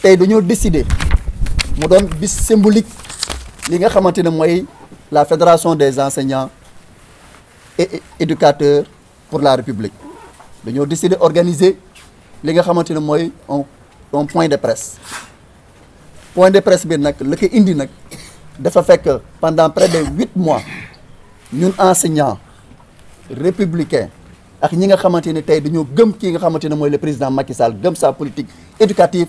tay nous décider mu symbolique li la fédération des enseignants et éducateurs pour la république Nous décider organiser li nga moy un point de presse point de presse bi nak le indi nak dafa pendant près de huit mois ñun enseignants républicains ak ñi nga de tay le président Macky Sall gëm sa politique éducative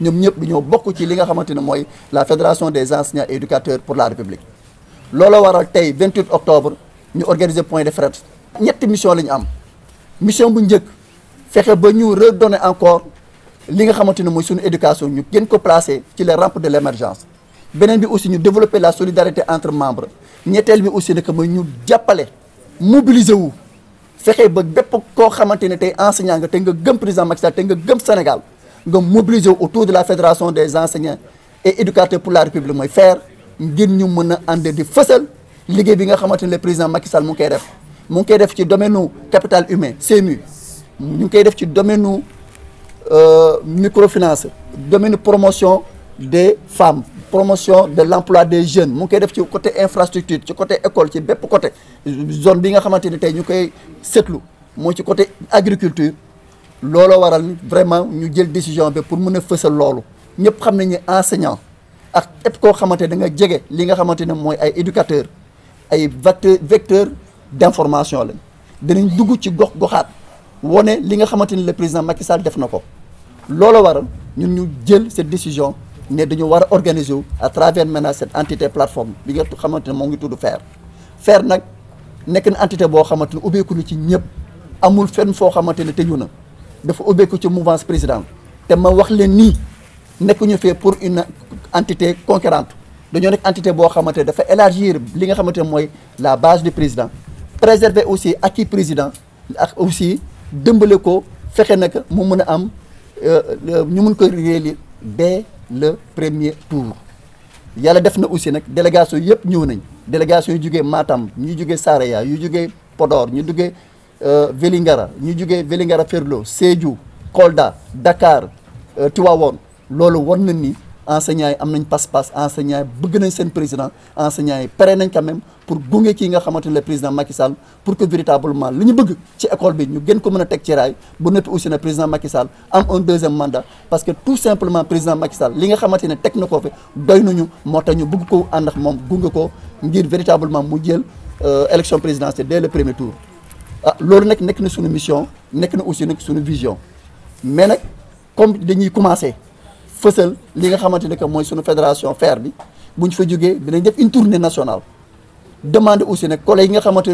ñom ñep dañu bokku ci li nga moy la fédération des enseignants et éducateurs pour la république Lolo waral tay 28 octobre ñu organiser point de frappe. ñetti mission la ñu am mission bu ñëk fexé ba ñu redonner encore li nga xamante moy suñu éducation ñu gën ko placer ci les rampes de l'émergence. benen bi aussi ñu développer la solidarité entre membres ñetteel bi aussi nag mooy ñu jappalé mobiliser wu fexé ba bép ko xamante tay tey enseignant nga te nga gëm président Macky Sall nga gëm Sénégal. Nous mobiliser autour de la fédération des enseignants et éducateurs pour la république Nous faire fait ñu nous di Nous liggéey le président Macky Sall domaine capital humain CMU ñu domaine euh, microfinance domaine promotion des femmes promotion de l'emploi des jeunes mu Nous côté infrastructure côté école côté zone côté agriculture lolo waral vraiment ñu jël décision bi pour mën a fësal ñepp ñëpp xam nañ ne enseignant ak képp ko xamanté da nga jégué li nga xamanté ne moy ay éducateur ay vecteur d'information lañ danañ dugg ci gox goxaat woné li nga xamanté le président Macky Sall def nako Lolo waral ñun ñu jël cette décision ne dañu wara organiser à travers maintenant cette entité plateforme bi nga xamanté mo ngi tuddu FAIRE FAIRE nak nek une entité bo xamanté ne ko na ci ñepp amul fenn foo xamanté ne tëju na mouvance président te ma wax ni pour une entité concurrente une entité qui a élargir la base du président préserver aussi qui président aussi ko que euh, euh, dès le premier tour. Il def na aussi des délégation les ñëw nañ délégation Matam de Saraya yu Podor euh, Vélingara ñu jugee Vélingara Ferlo Sédhiou Kolda Dakar euh, Tivaouane loolu wan na enseignants yi am passe-passe enseignants yi bëgg nañ seen président enseignants yi quand même pour gunge qui nga xamante le président Macky Sall pour que véritablement li ñu bëgg ci école bi ñu gën ko mën a ci raay bu aussi ne président Macky Sall am un deuxième mandat parce que tout simplement président Macky Sall li nga xamante ne teg na fi doy nañu moo tax ñu bëgg ko ànd ak moom ko ngir véritablement mu jël euh, élection présidentielle dès le premier tour ah loolu nag na mission nous na aussi nag vision mais comme nous commencer fësal li nga xamante ne que mooy fédération ferme, bi buñ fa def une tournée nationale demander aussi nag collègues yi nga xamante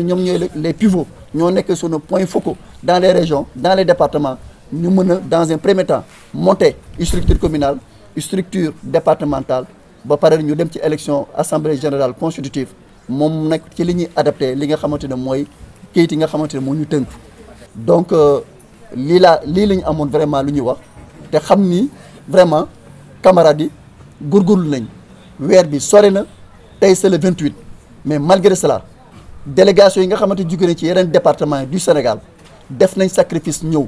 les pivots ñoo nekk suñu points focaux dans les régions dans les départements ñu mën dans un premier temps monter une structure communale une structure départementale ba pare ñu dem ci élection assemblée générale constitutive moom nag ci li ñuy li nga xamante kayit yi nga xamante ne moo ñu tënk donc euh, lii la lii la amoon vraiment lu ñuy wax te xam ni vraiment camarade yi góorgóorlu nañ weer bi sore na tey c'est le 28 mais malgré cela délégation yi nga xamante jóge na ci yeneen département du Sénégal def nañ sacrifice ñëw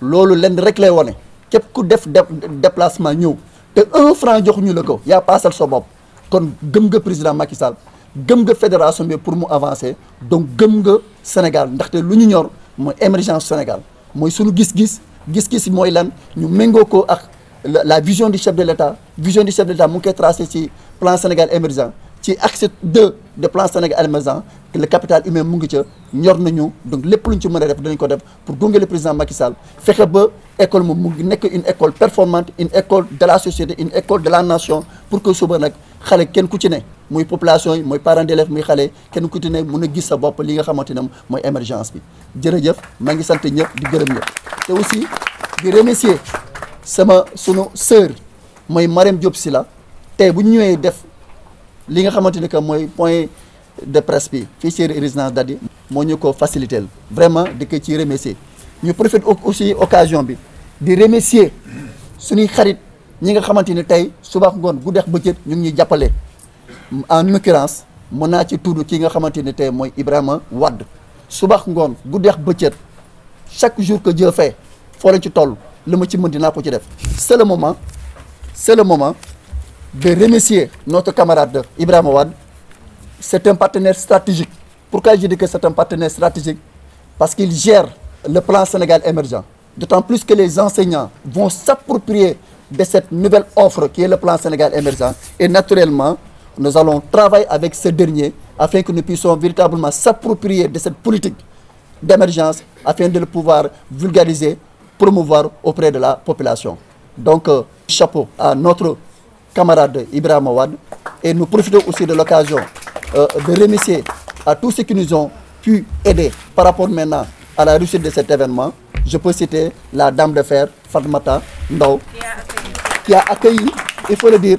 loolu lenn rek lay wane képp ku def déplacement ñëw te un franc joxuñu la ko yaa paasal sa bopp kon gëm nga président Macky Sall gëm nga fédération bi pour mu avancer donc gëm Sénégal ndaxte lu ñu ñor moy émergence Sénégal moy suñu gis-gis gis-gis moy lan ñu mengo ko ak la vision du chef de l'État vision du chef de l'État mu ngi tracé ci plan Sénégal émergent ci axe 2 de plan Sénégal émergent le capital humain mu ngi ci ñor nañu donc lepp luñ ci mëna def dañ ko def pour gunge le président Macky Sall fexe ba école mu ngi nek une école performante une école de la société une école de la nation pour que suba nak xalé kenn ku ci muy population yi muy parents d'élèves muy xale kenn ku ci ne mun a gis sa bopp li nga xamante ne mooy émergence bi jërëjëf maa ngi sant ñëpp di gërëm ñëpp te aussi di remercier sama sunu sœur mooy Marème Diop Sylla tey bu ñu ñëwee def li nga xamante ne que mooy point de presse bi fii ci résidence Dadi moo ñu ko faciliter vraiment di ko ci remercier ñu profite aussi occasion bi di remercier suñuy xarit ñi nga xamante ne tey suba ngoon guddeex bëccëg ñu ngi ñuy jàppale en l'occurrence mon suis tout chaque jour que Dieu fait c'est le moment c'est le moment de remercier notre camarade Ibrahim Wad. c'est un partenaire stratégique pourquoi je dis que c'est un partenaire stratégique parce qu'il gère le plan Sénégal émergent d'autant plus que les enseignants vont s'approprier de cette nouvelle offre qui est le plan Sénégal émergent et naturellement nous allons travailler avec ces derniers afin que nous puissions véritablement s'approprier de cette politique d'émergence afin de le pouvoir vulgariser, promouvoir auprès de la population. Donc, euh, chapeau à notre camarade Ibrahim Awad et nous profitons aussi de l'occasion euh, de remercier à tous ceux qui nous ont pu aider par rapport maintenant à la réussite de cet événement. Je peux citer la dame de fer, Fatmata Ndao, qui a accueilli, il faut le dire,